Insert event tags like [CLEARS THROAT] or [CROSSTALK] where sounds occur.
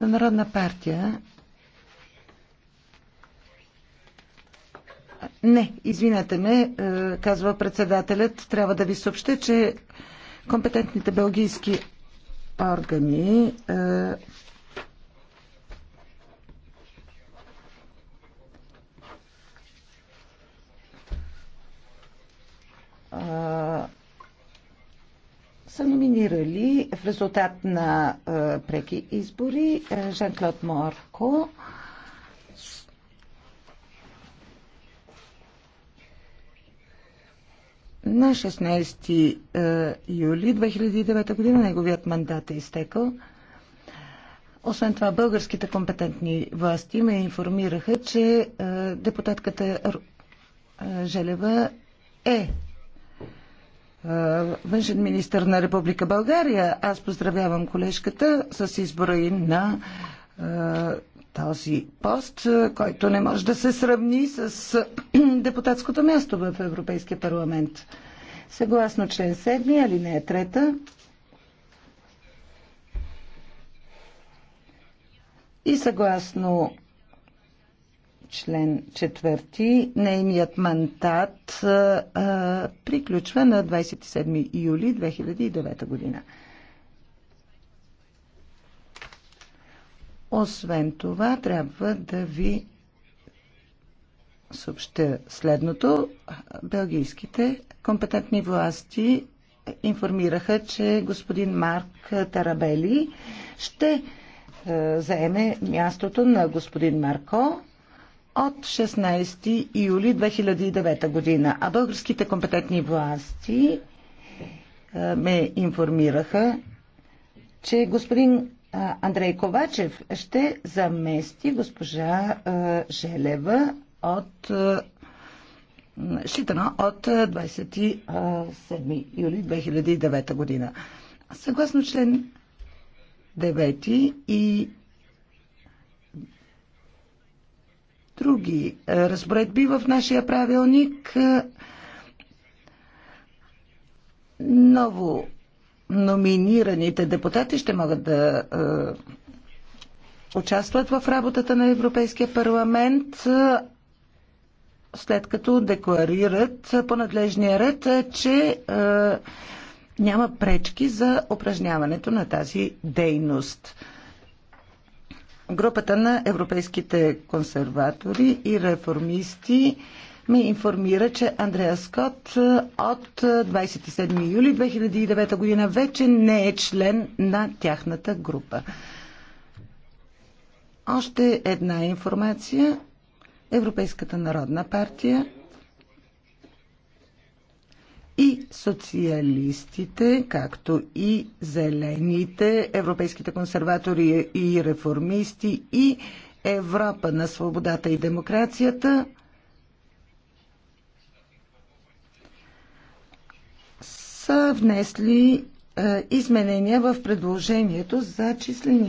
Народна партия. Не, извинете ме, е, казва председателят. Трябва да ви съобща, че компетентните белгийски органи е, номинирали в резултат на е, преки избори е, Жан-Клод Морко. На 16 е, юли 2009 година неговият мандат е изтекал. Освен това, българските компетентни власти ме информираха, че депутатката Желева е външен министр на Република България. Аз поздравявам колежката с избора и на този пост, който не може да се сравни с [CLEARS THROAT] депутатското място в Европейския парламент. Съгласно член 7, алинея 3, и съгласно член 4. Нейният мандат приключва на 27 юли 2009 година. Освен това, трябва да ви съобща следното. Белгийските компетентни власти информираха, че господин Марк Тарабели ще заеме мястото на господин Марко от 16 юли 2009 година, а българските компетентни власти ме информираха, че господин Андрей Ковачев ще замести госпожа Желева от считано от 27 юли 2009 година. Съгласно член 9 и други е, разпоредби в нашия правилник. Е, ново номинираните депутати ще могат да е, участват в работата на Европейския парламент, след като декларират по надлежния ред, че е, няма пречки за упражняването на тази дейност. Групата на европейските консерватори и реформисти ме информира, че Андреа Скот е, от 27 е, юли 2009 година вече не е член на тяхната група. Още една информация. Европейската народна партия и социалистите, както и зелените, европейските консерватори и реформисти и Европа на свободата и демокрацията са внесли е, изменения в предложението за числени